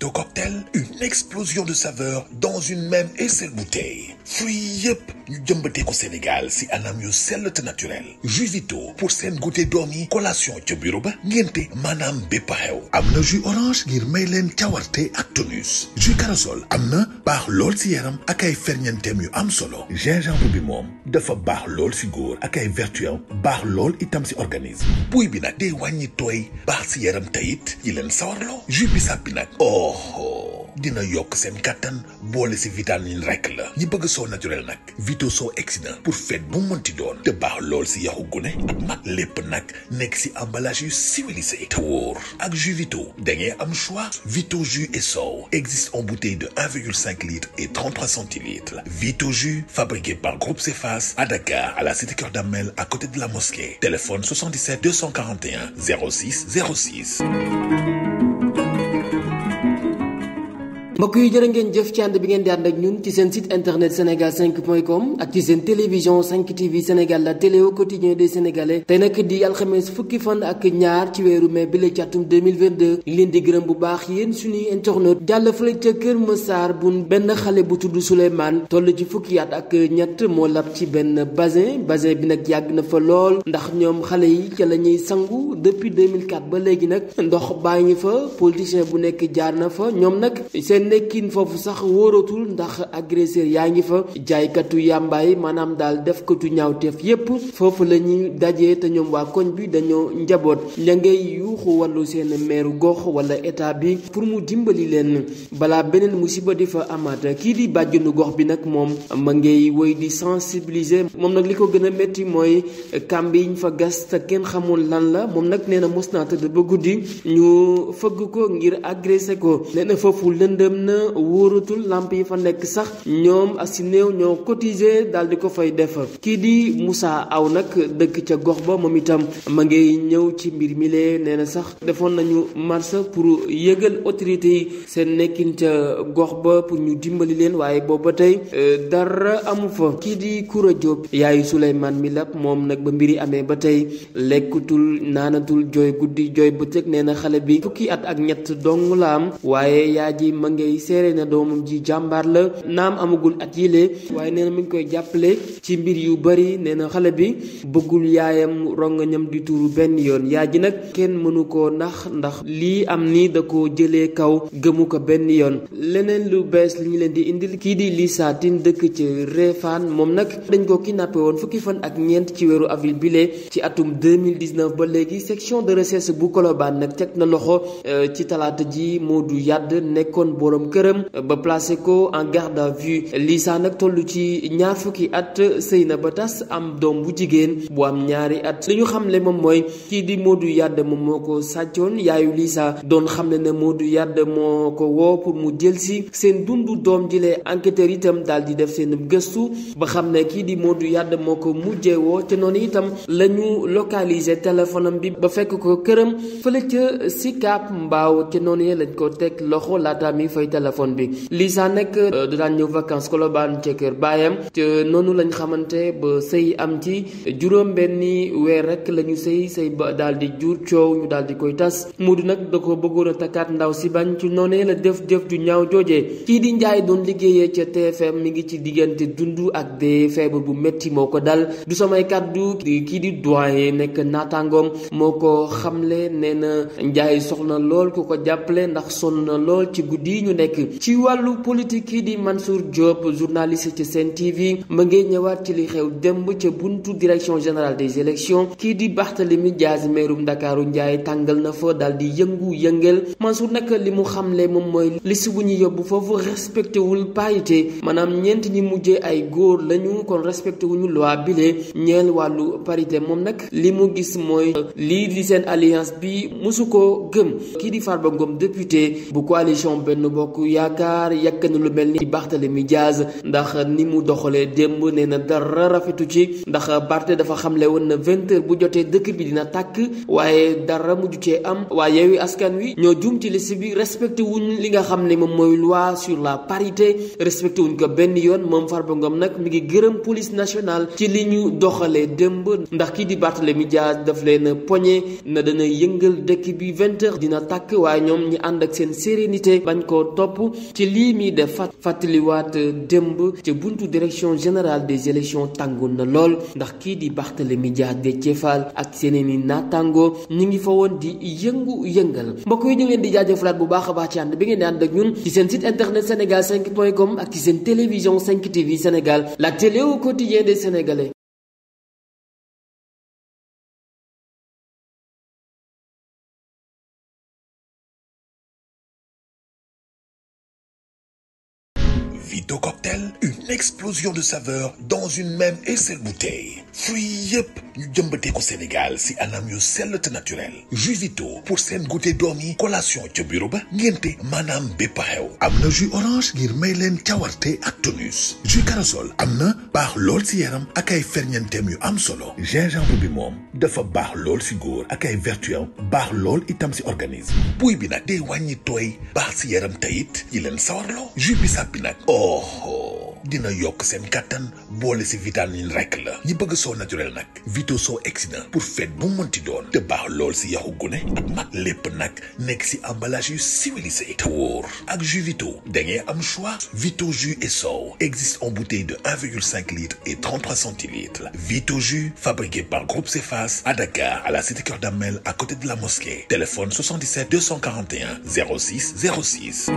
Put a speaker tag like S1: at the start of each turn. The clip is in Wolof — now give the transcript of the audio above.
S1: どこ une explosion de saveur dans une même et seule bouteille Free yëpp ñu jëmbatee ko Sénégal si anam yu sell te naturel jus pour s'en goûter dormi collation de bureau ba ngénte bepaheo. bépp jus orange ngir may leen cawarte ak jus corossol amna, na lol si yaram ak ay ferñeenteem yu am solo gingembre bi moom dafa baax lol si góor ak ay vertu itam si organisme Pui bi nag day wàññi toy baax si yaram tayit yi leen sawarloo jus bissap oh, oh dina yok sen katan bolé ci vitamine rek la ñi bëgg so naturel nak Vito so pour fête bu monti doon te bar lol si yaxu gune ak mag lepp nak nek emballage civilisé tour ak jus Vito da ngeen am choix Vito et so existe en bouteille de 1,5 litre et 33 centilitres Vito fabriqué par Groupe Cefas à Dakar à la cité cœur Damel à côté de la mosquée téléphone 77 241 06 06
S2: mbokk yi jërë ngeen jëf ci ànd bi ngeen di ànd ak ñun ci seen site internet sénégal 5 point com ak ci seen télévision 5 TV Sénégal la télé au quotidien des sénégalais tey nag di alxames fukki fan ak ñaar ci weeru mai bi la ci atum 2022 li leen di gërëm bu baax yéen suñuy internet jàll fële ca Kër Massar bu benn xale bu tudd Souleymane toll ci fukki at ak ñett moo lab ci benn basin basin bi nag yàgg na fa lool ndax ñoom xale yi ca la ñuy sangu depuis 2004 ba léegi nag ndox baa ngi fa politicien bu nekk jaar na fa ñoom nag nekkin foofu sax wóoratul ndax agresseur yaa ngi fa jaaykatu yàmbaay maanaam daal def katu ñaawteef yépp foofu la ñuy dajee te ñoom waa koñ bi dañoo njaboot ña ngay yuuxu wàllu seen meeru gox wala état bi pour mu dimbali leen balaa beneen musiba di fa amaat kii di bàjjenu gox bi nag moom ma ngay woy di sensibiliser moom nag li ko gën a métti mooy kàmb yiñ fa gas te kenn xamul lan la moom nag nee na mos naa tëdd ba guddi ñu fëgg ko ngir agressé ko wóoratul làmp yi fa nekk sax ñoom ak si néew ñoo cotisé daal di ko fay def kii di Moussa Aw nag dëkk ca gox ba moom itam ma ngay ñëw ci mbir mi lee nee na sax defoon nañu marche pour yëgal autorité yi seen nekkin ca gox ba pour ñu dimbali leen waaye booba tey euh, dara amu fa kii di Koura Diop yaayu Souleymane Milap moom nag ba mbiri amee ba tey lekkutul naanatul jooy guddi jooy bëccëg nee na xale bi fukki at ak ñett dong la am waaye yaa ji ma yi seere na doomam ji jàmbaar la naam amagul at yile waaye nee na mi ngi koy jàppale ci mbir yu bari nee na xale bi bëggul yaayam rongañam di tuuru benn yoon yaay ji nag kenn mënu koo nax ndax lii am ni da ko jëlee kaw gëmu ko benn yoon leneen lu bees li ñu leen di indil kii di Lissa Tine dëkk ci Réfane moom nag dañ ko ki kidnappé woon fukki fan ak ñeent ci weeru avril bile ci atum 2019 ba léegi section de recherche bu Colobane nag teg na loxo euh, ci talaata ji Modou Yadd nekkoon boroom këram ba placé ko en garde à vue Lisa nag toll ci ñaar fukki at sëy na ba tas am doom bu jigéen bu am ñaari at li xam xamle moom mooy kii di Modou Yade moom moo ko sàccoon yaayu Lisa doon xam ne na moo du yàdd moo ko woo pour mu jël si seen dundu doom ji lee enquêteur itam daal di def seen gëstu ba xam ne kii di moo du yàdd moo ko mujjee woo te noonu itam la ñu localiser téléphone bi ba fekk ko këram fële ca Sicap Mbao te noonu lañ ko teg loxo laata téléphone bi Lisa nag euh, da daan ñëw vacances Colobane ca kër baayam te noonu lañ xamante ba sëy am ci juróom benni weer rek lañu ñu sëy sëy ba daal di jur coow ñu daal di koy tas Moodu nag da ko bëggoon a takkaat ndaw si bañ ci noonee def jëf ju ñaaw joojee kii di Njaay doon liggéeyee ca TFM mi ngi ci diggante dund ak dee feebar bu métti moo ko dal du samay kàddu kii di doyen nekk naataangoom moo ko xamle nee na Njaay soxna lool ku ko jàppale ndax sonn lool ci guddi ñu nekk ci wàllu politique kii di Mansour Diop journaliste ci Sen TV ma ngi ñëwaat ci li xew démb ca buntu direction générale des élections kii di Barthélemy Diaz meerum Ndakaaru Ndiaye tàngal na fa daal di yëngu yëngel Mansour nag li mu xamle moom mooy liste bu ñu yóbbu foofu respecté wul parité maanaam ñeent ñi mujjee ay góor lañu kon respecté wuñu loi bile ñeel wàllu parité moom nag li mu gis mooy lii li seen alliance bi mosu ko gëm kii di Farba Ngom député bokk yaakaar yàkk na lu mel ni Barthélemy Diaz ndax ni mu doxalee démb nee na dara rafetu ci ndax Barthé dafa xamle woon na vingt bu jotee dëkk bi dina takk waaye dara mujj cee am waaye Yewwi Askan Wi ñoo jum ci liste bi respecté wuñ li nga xam ne moom mooy loi sur la parité respecté wuñ ko benn yoon moom Farba ngam nag mu ngi gërëm police nationale ci li ñu doxalee dëmb ndax kii di Barthélemy Diaz daf leen poñe na dana yëngal dëkk bi vingt heures ak top ci lii mi def fat wat demb ci buntu direction générale des élections tango na Lol, ndax ki di Barthélemy Dias de Fall ak seneni natango ñi ngi di yengu yengal. mbokk yi ñu ngi leen di jaajëfalaat bu baax ba ci and bi ngeen di ak ñun ci sen site internet Senegal 5.com, ak ci sen télévision 5 TV Sénégal la télé au quotidien des Sénégalais
S1: Du Cocktail, une explosion de saveur dans une même et seule bouteille fruits yi yëpp ko Sénégal c'est anam yu sell te naturel Jusito pour cette goûter dormi collation au bureau ba ngénte maanaam bépp jus orange ngir may leen cawarte ak jus CaroSol Amna, bar, lol, lool si yaram ak ay yu gingembre bimom, moom dafa lol, lool si góor ak ay vertu itam si organisme Pouy bi nag day wàññi tooy baax si yaram tayit jus oh, oh dina yok sen katan bolé ci vitamine rek la ñi bëgg so naturel vito So excellent. pour fête bu monti doon te si gune ak ma lepp nak emballage civilisé te jus vito da ngeen am choix vito jus et so existe en bouteille de 1,5 litre et 33 centilitres vito jus fabriqué par Groupe Cefas à Dakar à la cité cœur Damel à côté de la mosquée téléphone 77 241 06 06